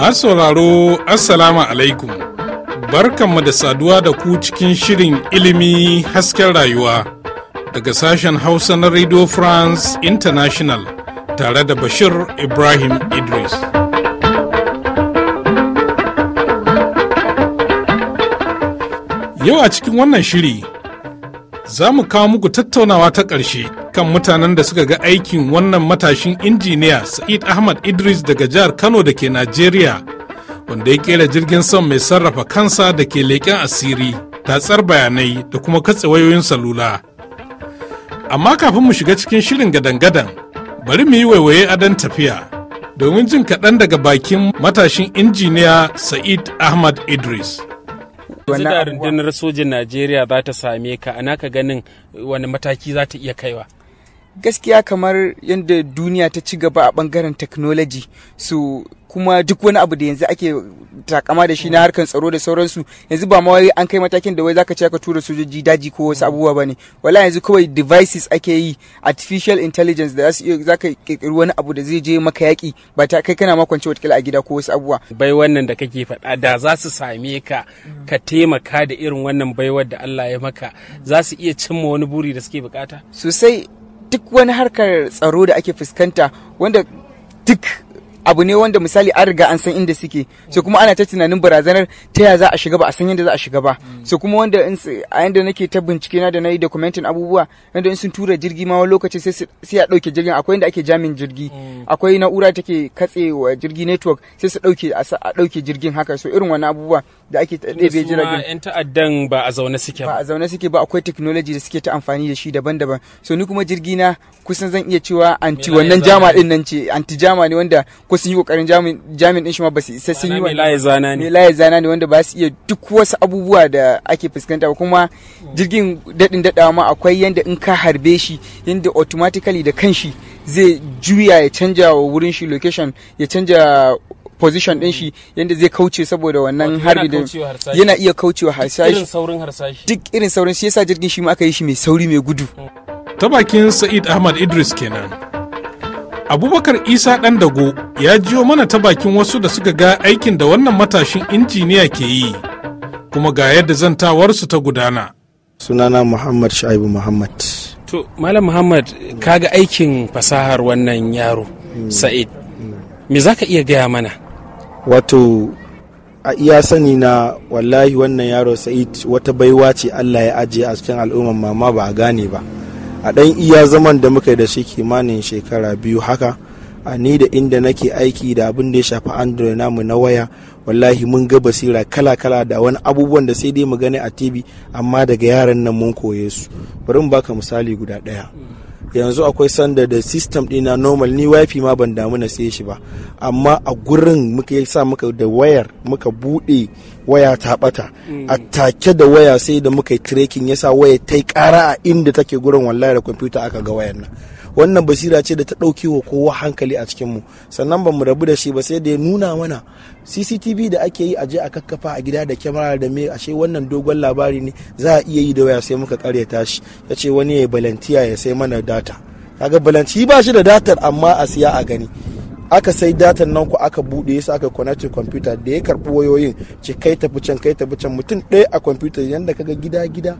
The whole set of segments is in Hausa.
Masu sauraro Assalamu alaikum barkanmu da saduwa da ku cikin shirin ilimi hasken rayuwa daga sashen Hausa na Radio France International tare da Bashir Ibrahim Idris. Yau a cikin wannan shiri za mu kawo muku tattaunawa ta ƙarshe kan mutanen da suka ga aikin wannan matashin injiniya Sa'id Ahmad Idris daga jihar Kano da ke Najeriya wanda ya kera jirgin son mai sarrafa kansa da ke leƙen asiri, tatsar bayanai da kuma katse wayoyin salula. Amma kafin mu shiga cikin shirin gadan-gadan, bari mu yi waiwaye adon tafiya domin jin kaɗan daga bakin matashin injiniya Sa'id Ahmad Idris. wani da rundunar sojin najeriya za ta same ka ana ka ganin wani mataki za ta iya kaiwa gaskiya kamar yadda duniya ta ci gaba a bangaren technology su kuma duk wani abu da yanzu ake takama da shi na harkar tsaro da sauransu yanzu ba mawai an kai matakin da wai zaka ce ka tura sojoji daji ko wasu abubuwa ba ne wala yanzu kawai devices ake yi artificial intelligence da za su iya za ka kirkiri wani abu da zai je maka yaki ba ta kai kana makwance watakila a gida ko wasu abubuwa bai wannan da kake faɗa da za su same ka ka taimaka da irin wannan baiwar da Allah ya maka za su iya cimma wani buri da suke bukata sosai duk wani harkar tsaro da ake fuskanta wanda duk abu ne wanda misali an riga an san inda suke so kuma ana ta tunanin barazanar ta ya za a shiga ba a san yadda za a shiga ba mm. so kuma wanda a yanda nake ta bincike na da na yi documenting abubuwa yadda in sun tura jirgi ma wani lokaci sai a ɗauke jirgin akwai inda ake jamin jirgi mm. akwai na'ura take katse wa jirgi network sai su dauke a ɗauke jirgin haka so irin wani abubuwa da ake ɗebe jiragen. yan ta'addan ba a zaune suke ba. Ba a zaune suke ba akwai technology da suke ta amfani da shi daban-daban. So ni kuma jirgi na kusan zan iya cewa anti wannan jama din nan ce anti jama ne wanda ko sun yi kokarin jami'in din shi ma ba su isa sun yi wa laye zana ne laye zana ne wanda ba su iya duk wasu abubuwa da ake fuskanta ba kuma jirgin dadin dadawa ma akwai yanda in ka harbe shi yanda automatically da kanshi zai juya ya canja wa wurin shi location ya canja position din shi yadda zai kauce saboda wannan harbi da yana iya kaucewa harsashi irin saurin harsashi duk irin saurin shi yasa jirgin shi ma aka yi shi mai sauri mai gudu ta bakin Sa'id Ahmad Idris kenan abubakar isa ɗan dago ya jiyo mana ta bakin wasu da suka ga aikin da wannan matashin injiniya ke yi kuma ga yadda zantawarsu ta gudana sunana muhammad shaibu muhammad to malam muhammad kaga aikin fasahar wannan yaro hmm. sa'id hmm. me za ka iya gaya mana wato a iya sani na wallahi wannan yaro sa'id wata baiwa ce allah ya ajiye a cikin al'ummar, mama ba a gane ba a ɗan iya zaman da muka da shi kimanin shekara biyu haka a ni da inda nake aiki da abin da ya shafi android namu na waya wallahi mun ga basira kala-kala da wani abubuwan da sai dai mu gani a tv amma daga yaran nan mun koye su bari mu baka misali guda ɗaya yanzu akwai sanda da system ɗina normal ni wifi ma ban damu na sai shi ba amma a gurin muka sa muka da wayar muka buɗe waya ta bata mm. a take da waya sai da muka yi tracking yasa waya ta yi kara a inda take gurin wallahi da computer aka ga wayar nan wannan basira ce da ta ɗauke wa kowa hankali a cikinmu sannan ba mu rabu da shi ba sai da ya nuna mana cctv da ake yi a je a kakkafa a gida da kyamara da me ashe wannan dogon labari ne za a iya yi da waya sai muka ta shi ya ce wani ya yi balantiya ya sai mana data kaga balanci ba shi da datar amma a siya a gani aka sai datan nan ku aka bude su aka connected computer da ya karbi wayoyin ce kai tafi can kai tafi can mutum ɗaya a computer yanda kaga gida gida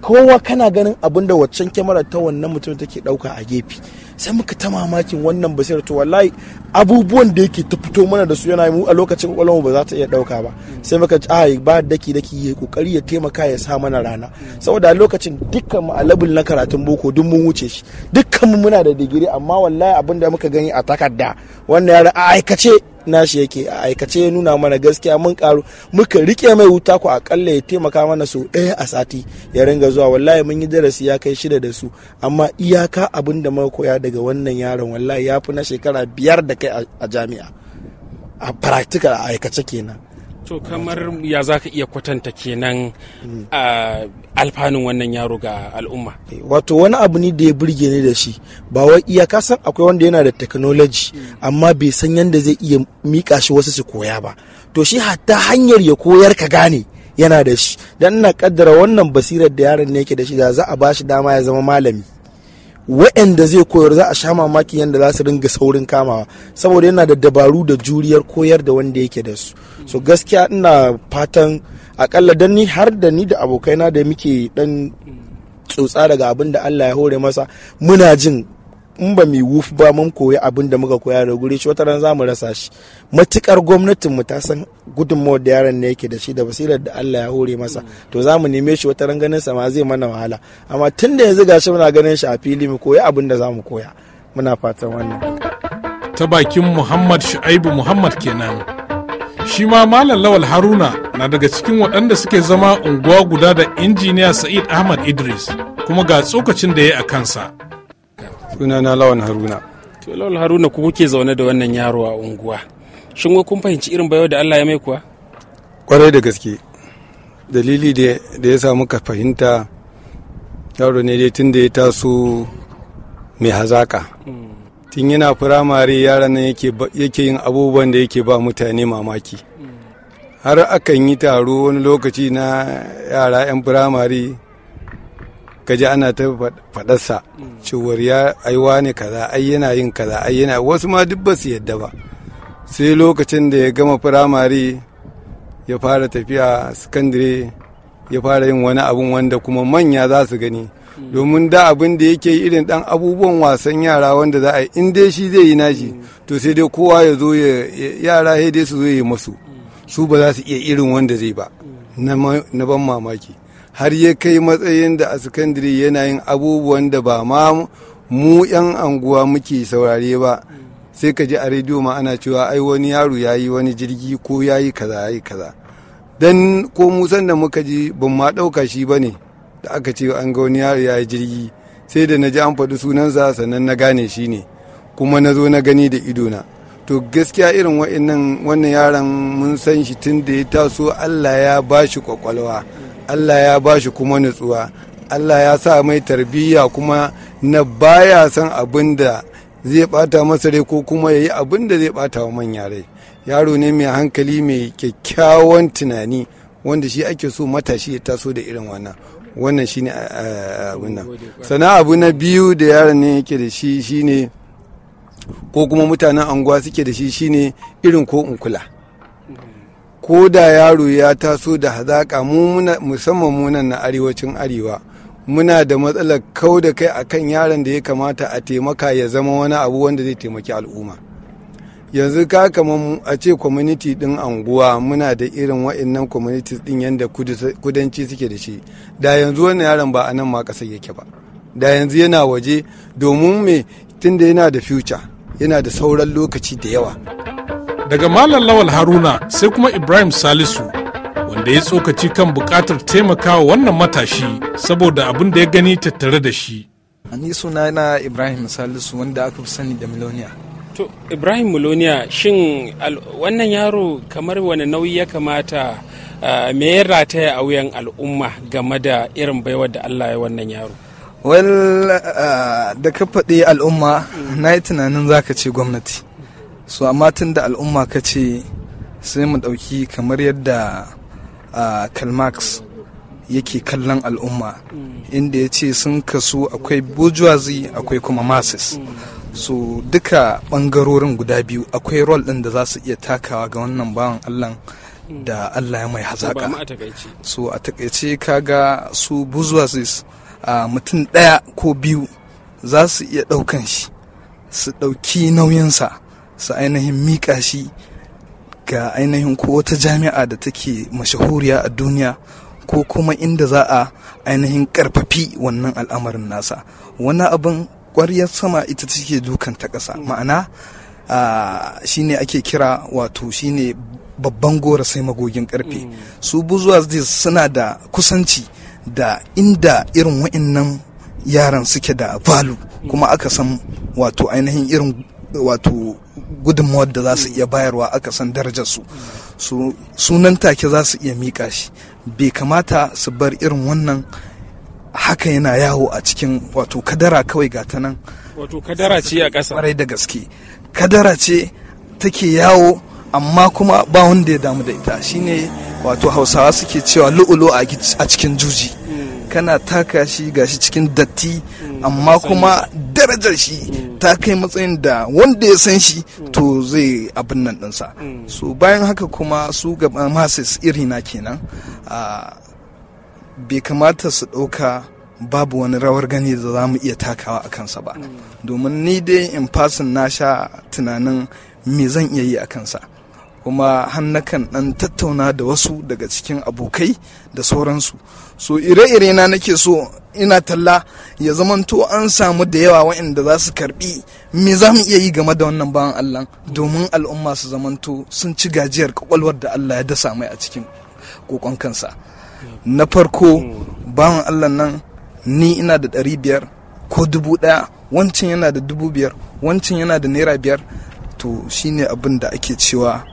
kowa kana ganin abin da waccan kyamara ta wannan mutum take dauka a gefe sai muka ta mamakin wannan basirar to wallahi abubuwan da yake ta fito mana da su yana mu a lokacin kwakwalwarmu ba za ta iya dauka ba sai muka ci ayi ba daki daki ya kokari ya taimaka ya sa mana rana saboda lokacin dukkan mu a labul na karatun boko duk mun wuce shi dukkan mu muna da digiri amma wallahi abin da muka gani a takarda wannan ya a aikace nashi yake a aikace ya nuna mana gaskiya mun karu muka rike mai wuta ku akalla ya taimaka mana sau ɗaya a sati ya ringa zuwa wallahi mun yi darasi ya kai shida da su amma iyaka abin da muka koya daga wannan yaron wallahi ya fi na shekara biyar da kai a jami'a a practical a aikace kenan to kamar ya za ka iya kwatanta kenan a alfanun wannan yaro ga al'umma wato wani abu ne da ya burge ni da shi ba wai iya kasan akwai wanda yana da technology amma bai san yadda zai iya mika shi wasu su koya ba to shi hatta hanyar ya koyar ka gane yana da shi dan ina kaddara wannan basirar da yaron ne yake da shi da za a ba shi dama ya zama malami waɗanda zai koyar za a sha mamaki yadda za su ringa saurin kamawa saboda yana da dabaru da juriyar koyar da wanda yake da su so gaskiya ina fatan akalla dan ni har da ni da abokaina da muke dan tsotsa daga abin da Allah ya hore masa muna jin in ba mu wuf ba mun koyi abin da muka koya da guri shi wata wataran za mu rasa shi matukar gwamnatin mu ta san gudunmawar da yaron ne yake da shi da basirar da Allah ya hore masa to za mu neme shi wata wataran ganin sa ma zai mana wahala amma tun da yanzu gashi muna ganin shi a fili mu koyi abin da za mu koya muna fatan wannan ta bakin Muhammad Shu'aibu Muhammad kenan shi ma malam Lawal Haruna na daga cikin waɗanda suke zama unguwa guda da injiniya Sa'id Ahmad Idris kuma ga tsokacin da ya yi a kansa sunana lawan haruna to lawan haruna ku kuke zaune da wannan yaro a unguwa shin wai kun fahimci irin bayo da Allah ya mai kuwa kwarai da gaske dalili da ya samu ka fahimta yaro ne dai tun da ya taso mai hazaka hmm. tun yana firamare yaran nan yake yin abubuwan da yake ba mutane mamaki hmm. har akan yi taro wani lokaci na yara 'yan firamare kaji ana ta faɗarsa cewar ya aiwa ne kaza ai yana yin kaza ai yana wasu ma duk ba su yadda ba sai lokacin da ya gama firamare ya fara tafiya sakandare ya fara yin wani abun wanda kuma manya za su gani hmm. domin da abin da yake yi irin dan abubuwan wasan yara wanda za a yi in dai shi zai yi nashi hmm. to sai dai kowa ya zo yara ya dai su zo yi masu hmm. su ba za su iya irin wanda zai ba na ban mamaki har ya kai matsayin da a sakandare yana yin abubuwan da ba ma mu 'yan anguwa muke saurare ba sai ka ji a rediyo ma ana cewa ai wani yaro ya yi wani jirgi ko ya yi kaza ya yi kaza don ko musan da muka ji ban ma ɗauka shi ba ne da aka ce an ga wani yaro ya yi jirgi sai da na ji an faɗi sunansa sannan na gane shi ne kuma na zo na gani da ido na to gaskiya irin wa'annan wannan yaron mun san shi tun da ya taso allah ya ba shi kwakwalwa Allah ya ba shi kuma nutsuwa Allah ya sa mai tarbiyya kuma na baya son abin da zai bata masa rai ko kuma ya yi abin da zai bata wa manya rai yaro ne mai hankali mai kyakkyawan tunani wanda shi ake so matashi ya taso da irin wannan wannan shine eh, eh, abin nan sana abu na biyu da yaron ne yake da shi shine ko kuma mutanen anguwa suke da shi shine irin ko in kula ko da yaro ya taso da hazaƙa mu musamman munan na arewacin arewa muna da matsalar kau da kai akan yaron da ya kamata a taimaka ya zama wani abu wanda zai taimaki al'umma yanzu ka kamar a ce community din anguwa muna da irin wa'annan communities din yadda kudanci suke da shi da yanzu wannan yaron ba a nan ma ƙasar yake ba da yanzu yana waje domin me tunda yana da future yana da sauran lokaci da yawa daga malam lawal haruna sai kuma ibrahim salisu wanda ya tsokaci kan bukatar taimakawa wannan matashi saboda abin da ya gani tattare da shi ni suna na ibrahim salisu wanda aka fi sani da milonia to ibrahim milonia shin wannan yaro kamar wani nauyi ya kamata me ya rataya a wuyan al'umma game da irin baiwar da allah ya wannan yaro well da ka faɗi al'umma na yi tunanin zaka ce gwamnati su amma tun da al'umma ka ce sai mu ɗauki kamar yadda uh, kalmax yake kallon al'umma inda ya ce sun kasu akwai bujuwazi akwai kuma masis so duka ɓangarorin guda biyu akwai rol ɗin da za su iya takawa ga wannan bawan allah da allah ya mai hazaka so a takaice kaga su bourgeoisies a mutum ɗaya ko biyu za su iya ɗaukan shi su ɗauki nauyinsa su ainihin miƙa shi ga ainihin ko wata jami'a da take mashahuriya a duniya ko kuma inda za a ainihin karfafi wannan al'amarin nasa wani abin ƙwaryar sama ita take dukan ta ƙasa ma'ana shi ne ake kira wato shi ne babban gora sai magogin karfe mm. su buzuwa suna da kusanci da inda irin wa'annan yaran suke da valu kuma aka san wato ainihin irin wato gudunmawar da za su iya bayarwa aka san darajarsu su sunan take za su iya miƙa shi bai kamata su bar irin wannan haka yana yawo a cikin wato kadara kawai ga nan wato kadara ce a ƙasa ƙwarai da gaske kadara ce take yawo amma kuma ba wanda ya damu da ita shine wato hausawa suke cewa lu'ulu a cikin juji hmm. kana taka shi gashi cikin datti hmm. amma kuma darajar shi ta kai matsayin da wanda ya san shi to zai abin nan ɗinsa so bayan haka kuma su gaba masis iri na kenan bai kamata su ɗauka babu wani rawar gani da za mu iya takawa a kansa ba domin ni dai in fasin na sha tunanin me zan iya yi a kansa kuma hannakan ɗan tattauna da wasu daga cikin abokai da sauransu so ire-ire na nake so ina talla ya zamanto an samu da yawa waɗanda za su karbi me za mu iya yi game da wannan bawan Allah domin al'umma su zamanto sun ci gajiyar kwakwalwar da Allah ya dasa mai a cikin kokon kansa na farko bawan Allah nan ni ina da ɗari biyar ko dubu ɗaya wancan yana da dubu biyar wancan yana da naira biyar to shine abin da ake cewa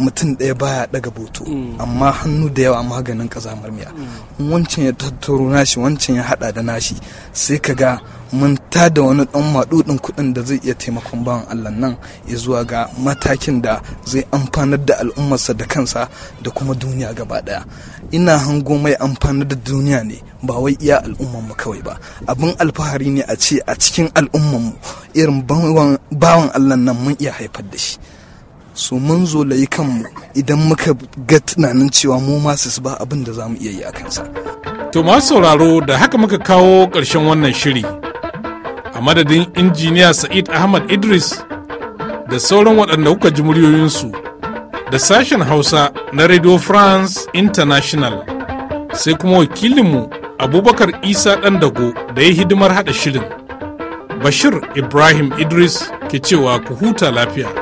mutum ɗaya baya ɗaga boto mm. amma hannu da yawa maganin kazamar miya wancan ya tattaro nashi wancan ya hada da nashi sai ka ga mun ta da wani ɗan maɗuɗin kuɗin da zai iya taimakon bawan Allah nan ya zuwa ga matakin da zai amfanar da al'ummarsa da kansa da kuma duniya gaba ɗaya ina hango mai amfanar da duniya ne ba wai iya al'ummarmu kawai ba abin alfahari ne a ce a cikin mu irin bawan Allah nan mun iya haifar da shi su mun layi kanmu idan muka ga tunanin cewa mu masu ba abin da za mu iya yi a kansa. To masu sauraro da haka muka kawo ƙarshen wannan shiri. A madadin injiniya Sa'id Ahmad Idris da sauran waɗanda kuka ji muryoyinsu da sashen Hausa na Radio France International sai kuma wakilinmu Abubakar Isa Ɗandago da ya hidimar haɗa shirin. Bashir Ibrahim Idris ke cewa ku huta lafiya.